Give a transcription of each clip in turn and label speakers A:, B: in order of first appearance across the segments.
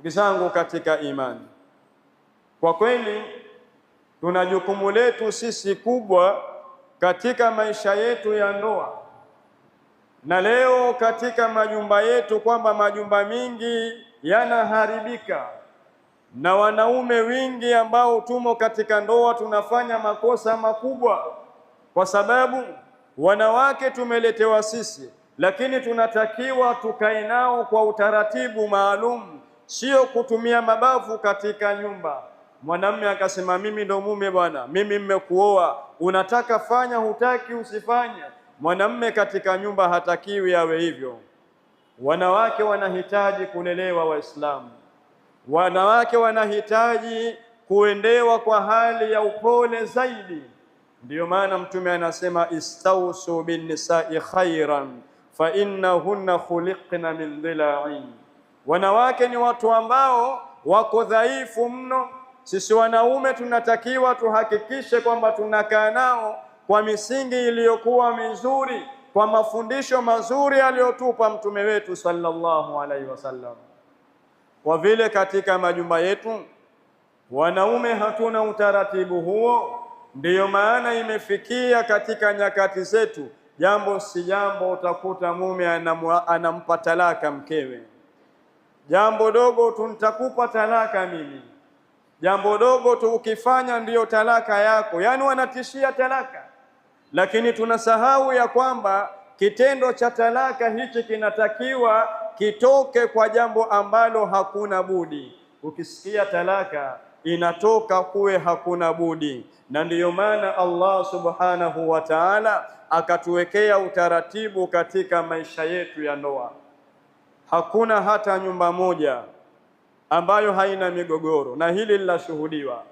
A: Ndugu zangu katika imani, kwa kweli tuna jukumu letu sisi kubwa katika maisha yetu ya ndoa, na leo katika majumba yetu, kwamba majumba mingi yanaharibika na wanaume wingi ambao tumo katika ndoa tunafanya makosa makubwa, kwa sababu wanawake tumeletewa sisi, lakini tunatakiwa tukae nao kwa utaratibu maalum sio kutumia mabavu katika nyumba. Mwanamme akasema mimi ndo mume bwana, mimi mmekuoa, unataka fanya, hutaki usifanye. Mwanamme katika nyumba hatakiwi awe hivyo. Wanawake wanahitaji kulelewa, Waislamu. Wanawake wanahitaji kuendewa kwa hali ya upole zaidi. Ndiyo maana Mtume anasema istausu binisai khairan fa innahunna khuliqna min dhilain Wanawake ni watu ambao wako dhaifu mno. Sisi wanaume tunatakiwa tuhakikishe kwamba tunakaa nao kwa misingi iliyokuwa mizuri, kwa mafundisho mazuri aliyotupa mtume wetu sallallahu alaihi wasallam. Kwa vile katika majumba yetu wanaume hatuna utaratibu huo, ndiyo maana imefikia katika nyakati zetu, jambo si jambo utakuta mume anampa talaka mkewe. Jambo dogo tu nitakupa talaka mimi, jambo dogo tu ukifanya ndiyo talaka yako. Yaani wanatishia talaka, lakini tunasahau ya kwamba kitendo cha talaka hichi kinatakiwa kitoke kwa jambo ambalo hakuna budi. Ukisikia talaka inatoka kuwe hakuna budi, na ndiyo maana Allah subhanahu wa ta'ala akatuwekea utaratibu katika maisha yetu ya ndoa hakuna hata nyumba moja ambayo haina migogoro, na hili linashuhudiwa.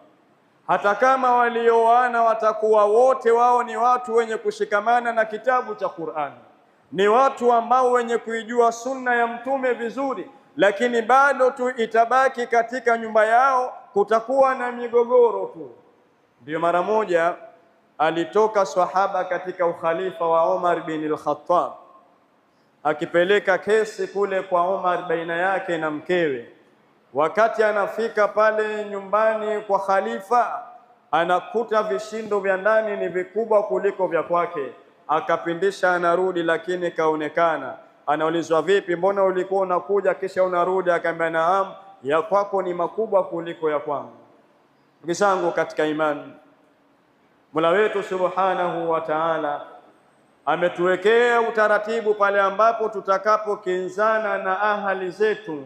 A: Hata kama walioana watakuwa wote wao ni watu wenye kushikamana na kitabu cha Qur'ani, ni watu ambao wenye kuijua sunna ya mtume vizuri, lakini bado tu itabaki katika nyumba yao kutakuwa na migogoro tu. Ndiyo mara moja alitoka sahaba katika ukhalifa wa Omar bin al-Khattab akipeleka kesi kule kwa Umar baina yake na mkewe. Wakati anafika pale nyumbani kwa khalifa, anakuta vishindo vya ndani ni vikubwa kuliko vya kwake. Akapindisha anarudi, lakini kaonekana. Anaulizwa, vipi, mbona ulikuwa unakuja kisha unarudi? Akaambia, naam, ya kwako ni makubwa kuliko ya kwangu. Ndugu zangu katika imani, mula wetu subhanahu wa taala ametuwekea utaratibu pale ambapo tutakapokinzana na ahali zetu,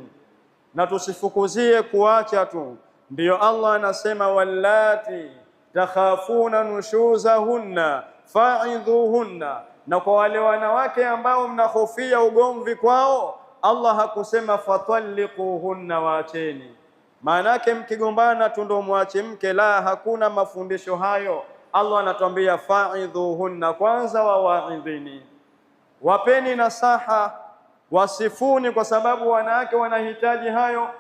A: na tusifukuzie kuacha tu. Ndiyo Allah anasema, wallati takhafuna nushuzahunna faidhuhunna. Na kwa wale wanawake ambao mnahofia ugomvi kwao, Allah hakusema fatalliquhunna, waacheni. Maana yake mkigombana tu ndo mwache mke, la, hakuna mafundisho hayo Allah anatuambia faidhuhunna, kwanza wawaidhini, wapeni nasaha, wasifuni, kwa sababu wanawake wanahitaji hayo.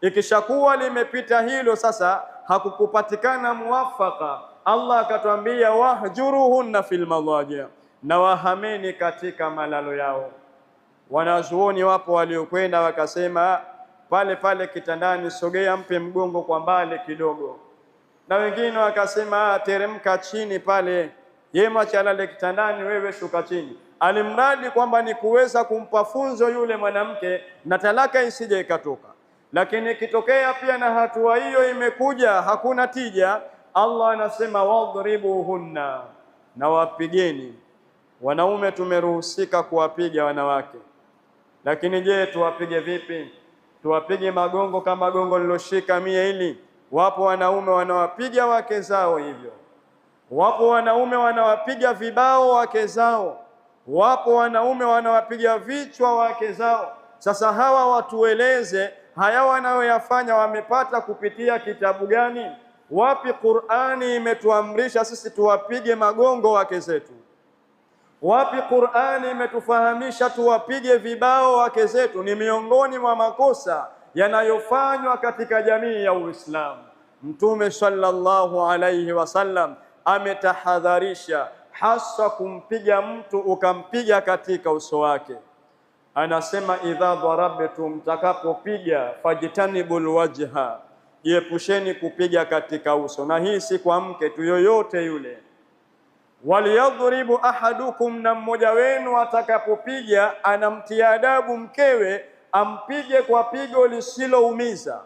A: Ikishakuwa limepita hilo sasa, hakukupatikana muwafaka, Allah akatwambia wahjuruhunna fil madhaji, na wahameni katika malalo yao. Wanazuoni wapo waliokwenda wakasema, pale pale kitandani, sogea mpe mgongo kwa mbali kidogo na wengine wakasema teremka chini pale, yema chalale kitandani, wewe shuka chini, alimradi kwamba ni kuweza kumpa funzo yule mwanamke na talaka isije ikatoka. Lakini ikitokea pia na hatua hiyo imekuja hakuna tija, Allah anasema wadhribuhunna, na wapigeni wanaume. Tumeruhusika kuwapiga wanawake, lakini je, tuwapige vipi? Tuwapige magongo kama gongo liloshika mie hili Wapo wanaume wanawapiga wake zao hivyo, wapo wanaume wanawapiga vibao wake zao, wapo wanaume wanawapiga vichwa wake zao. Sasa hawa watueleze haya wanayoyafanya wamepata kupitia kitabu gani? Wapi Qur'ani imetuamrisha sisi tuwapige magongo wake zetu? Wapi Qur'ani imetufahamisha tuwapige vibao wake zetu? Ni miongoni mwa makosa yanayofanywa katika jamii ya Uislamu. Mtume sallallahu alayhi wasallam ametahadharisha hasa kumpiga mtu ukampiga katika uso wake. Anasema, idha darabtum, mtakapopiga, fajtanibul wajha, jiepusheni kupiga katika uso. Na hii si kwa mke tu, yoyote yule. Waliyadhribu ahadukum, na mmoja wenu atakapopiga anamtia adabu mkewe ampige kwa pigo lisiloumiza,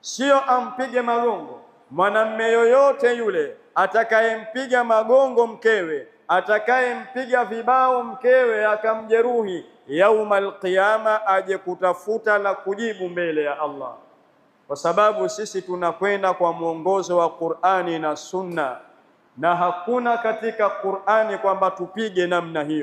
A: sio ampige magongo. Mwanamme yoyote yule atakayempiga magongo mkewe, atakayempiga vibao mkewe akamjeruhi, yauma alqiyama aje kutafuta la kujibu mbele ya Allah, kwa sababu sisi tunakwenda kwa mwongozo wa Qur'ani na Sunna, na hakuna katika Qur'ani kwamba tupige namna hiyo.